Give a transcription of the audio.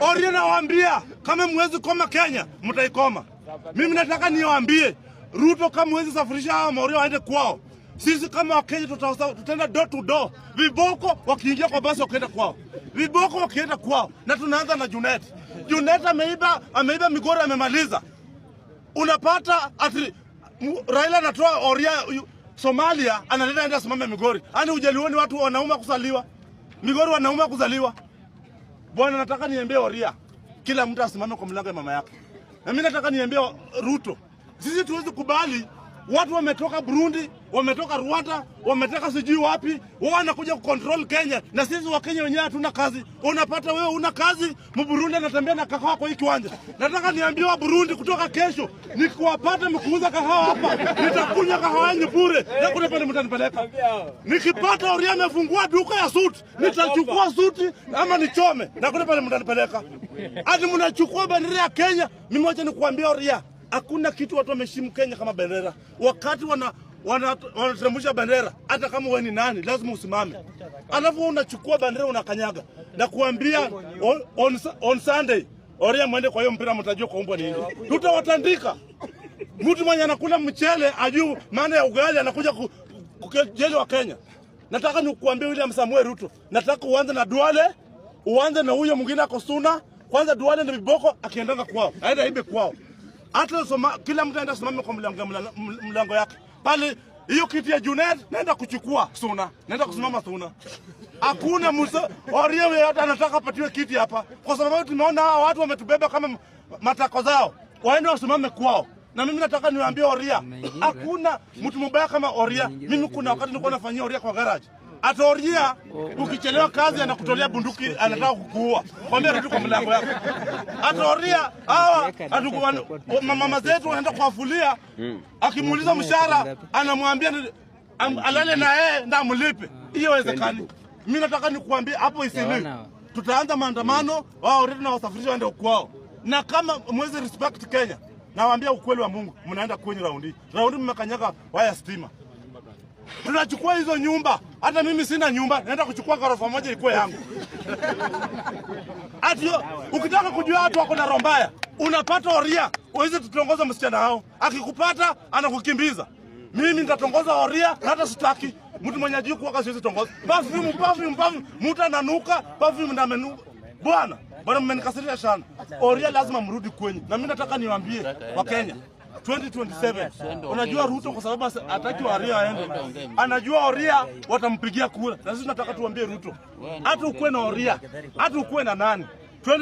Orio nawaambia kama mwezi koma Kenya, mtaikoma. Mimi nataka niwaambie Ruto, kama mwezi safirisha hao Maorio waende kwao. Sisi kama Wakenya tutaenda door to door, viboko wakiingia kwa basi wakienda kwao, viboko wakienda kwao, na tunaanza na Junet. Junet ameiba, ameiba migoro, amemaliza. Unapata atri, Raila anatoa Oria Somalia, analeta aende asimame Migori. yaani ujaliwoni watu wanauma kusaliwa Migori, wanauma kuzaliwa Bwana, nataka niambie Oria, kila mtu asimame kwa mlango ya mama yake, na mimi nataka niambie Ruto, sisi tuwezi kubali Watu wametoka Burundi, wametoka Rwanda, wametoka sijui wapi, wao wanakuja kucontrol Kenya, na sisi wa Kenya wenyewe hatuna kazi. Unapata wewe una kazi, Mburundi anatembea na kahawa kwa hii kiwanja. Nataka niambiwa Burundi, kutoka kesho nikiwapata mkuuza kahawa hapa, nitakunywa kahawa yenu bure, na kuna pale mtanipeleka. Nikipata Oria amefungua duka ya suti, nitachukua suti ama nichome, na kuna pale mtanipeleka. Hadi mnachukua bendera ya Kenya, mimi moja nikuambia Oria Hakuna kitu watu wameheshimu Kenya kama bendera. Wakati wana wanatambusha wana bendera, hata kama wewe ni nani, lazima usimame. Alafu unachukua bendera unakanyaga na kuambia on, on, on Sunday oria mwende, kwa hiyo mpira mtajua kwa umbo nini, tutawatandika. Mtu mwenye anakula mchele ajuu maana ya ugali, anakuja kujeli wa Kenya. Nataka nikuambia William Samuel Ruto, nataka uanze na Duale, uanze na huyo mwingine akosuna. kwanza. Duale ni viboko, akiendanga kwao aenda ibe kwao hata kila mtu aenda simame kwa mlango yake pale. Hiyo kiti ya Junet naenda kuchukua Suna, naenda kusimama Suna. Hakuna oria yeyote anataka apatiwe kiti hapa, kwa sababu tumeona hawa watu wametubeba kama matako zao, waende wasimame kwao. Na mimi nataka niwaambie oria, hakuna mtu mubaya kama oria. Mimi kuna wakati nilikuwa nafanyia oria kwa garage Atoria, ukichelewa kazi anakutolea bunduki, anataka kukuua. Kwambia rudi kwa mlango yako. Atoria hawa mama zetu wanaenda kuwafulia, akimuuliza mshahara anamwambia alale na yeye ndio amlipe. Hiyo haiwezekani. Mimi nataka nikuambie hapo isini. tutaanza maandamano wao retu na wasafirisha waende kwao, na kama mwezi respect Kenya, nawaambia ukweli wa Mungu, mnaenda kwenye raundi raundi, mmekanyaga waya stima, tunachukua hizo nyumba hata mimi sina nyumba, naenda kuchukua ghorofa moja ilikuwa yangu. Atio, ukitaka kujua watu wako na roho mbaya, unapata oria, uweze tutongoza msichana hao. Akikupata anakukimbiza. Mimi nitatongoza oria na hata sitaki. Mtu mwenye ajui kuwaka siwezi tongoza. Perfume, perfume, perfume. Mtu ananuka, perfume ndio amenuka. Bwana, bwana mmenikasirisha sana. Oria lazima mrudi kwenyu. Na mimi nataka niwaambie Wakenya 2027. Unajua Ruto kwa sababu hataki Waria aende, anajua Waria watampigia kura, na sisi tunataka tuambie Ruto, hata ukuwe na Waria, hata ukuwe na nani